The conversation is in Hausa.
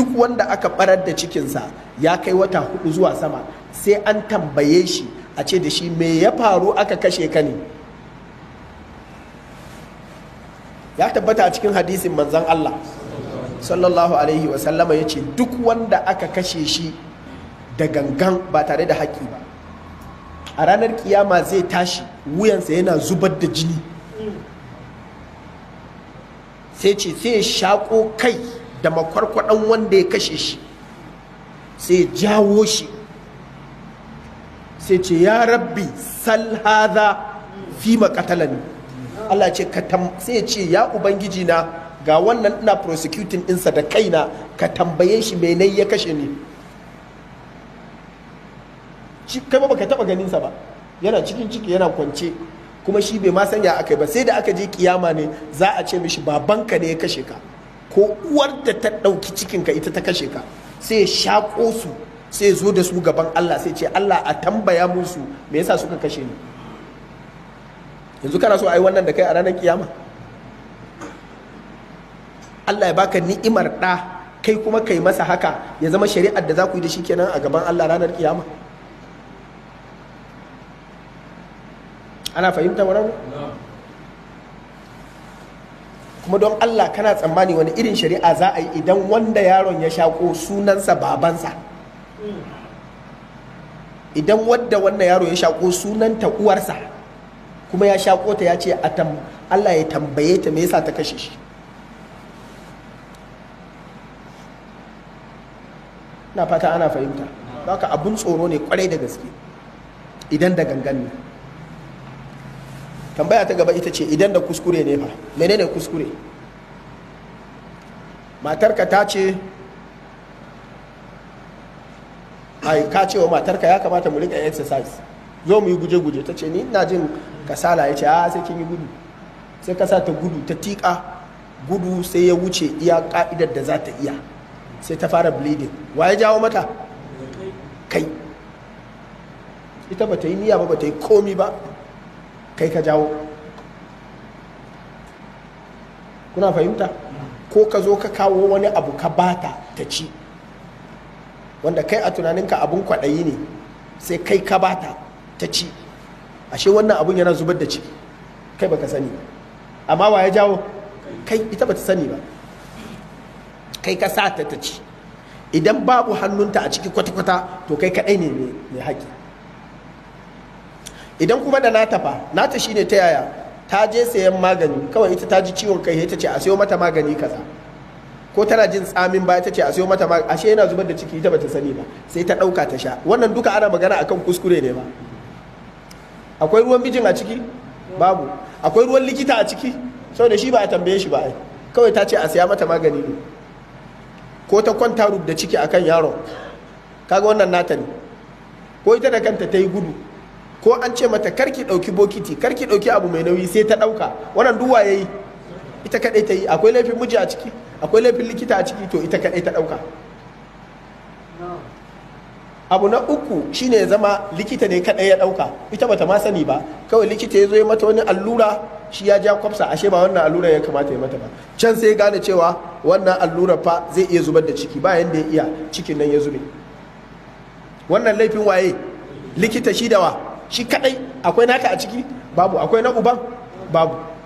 duk wanda aka barar da cikinsa ya kai wata hudu zuwa sama sai an tambaye shi a ce da shi me ya faru aka kashe ka ne ya tabbata a cikin hadisin manzan Allah sallallahu alaihi wasallama ya ce duk wanda aka kashe shi da gangan ba tare da haƙƙi ba a ranar kiyama zai tashi wuyansa yana zubar da jini sai ce sai shaƙo kai da makwarkwadon wanda ya kashe shi sai jawo shi sai ce ya rabbi sal hadha fi makatalani Allah ce ka sai ce ya ubangiji na ga wannan ina prosecuting ɗinsa da kaina ka tambaye shi nai ya kashe ni kai ba baka taba ganinsa ba yana cikin ciki yana kwance kuma shi bai ma sanya akai ba sai da aka je kiyama ne za a ce mishi babanka ne ya kashe ka ko uwar da ta ɗauki cikinka ita ta kashe ka sai shaƙo su sai zo da su gaban Allah sai ce Allah a tambaya musu me yasa suka kashe ni yanzu kana so ai wannan da kai a ranar kiyama Allah ya baka ni'imar ɗa kai kuma kai masa haka ya zama shari'ar da za ku yi da shi kenan a gaban Allah ranar kiyama ana fahimta wannan kuma don Allah kana tsammani wani irin shari'a za a yi idan wanda yaron ya shaƙo sunansa babansa idan wadda wannan yaro ya shaƙo sunanta uwarsa kuma ya shaƙo ta ya ce Allah ya tambaye ta me yasa ta kashe shi na fata ana fahimta ka abun tsoro ne kwarai da gaske idan da gangan ne tambaya ta gaba ita ce idan da kuskure ne fa menene kuskure matarka ta ce ai ka ce matarka ya kamata mu rika exercise zo mu yi guje-guje ta ce ni ina jin kasala ya ce a sai kin yi gudu sai kasa ta gudu ta tiƙa gudu sai ya wuce iya ka'idar da za ta iya sai ta fara bleeding wa ya jawo mata kai ita ba ta yi niyya ba ba ta yi komi ba kai ka jawo kuna fahimta ko ka zo ka kawo wani abu ka bata ta ci wanda kai a tunaninka abun kwaɗayi ne sai kai ka bata ta ci ashe wannan abun yana zubar da ci kai baka sani amma wa ya jawo kai ita bata sani ba kai ka sa ta ta ci idan babu hannunta a ciki kwata-kwata to kai kaɗai ne mai haƙƙi idan kuma da nata fa nata shine ta yaya ta je sayan magani kawai ita ta ji ciwon kai ita ce a sayo mata magani kaza ko tana jin tsamin ba ita ce a sayo mata magani ashe yana zubar da ciki ita bata sani ba sai ta ɗauka ta sha wannan duka ana magana akan kuskure ne ba akwai ruwan bijin a ciki babu akwai ruwan likita a ciki saboda shi ba a tambaye shi ba ai kawai ta ce a saya mata magani ne ko ta kwanta rub ciki akan yaro kaga wannan nata ne ko ita da kanta ta yi gudu ko an ce mata karki ɗauki bokiti karki ɗauki abu mai nauyi sai ta ɗauka wannan duwa ya yi ita kaɗai ta yi akwai laifin miji a ciki akwai laifin likita a ciki to ita kaɗai ta ɗauka abu na uku shine ya zama likita ne kaɗai ya ɗauka ita bata ma sani ba kawai likita ya zo ya mata wani allura shi ya ja kwafsa ashe ba wannan allura ya kamata ya mata ba can sai gane cewa wannan allura fa zai iya zubar da ciki ba yanda ya iya cikin nan ya zube wannan laifin waye likita shi da wa shi kadai akwai naka a ciki babu akwai na uban babu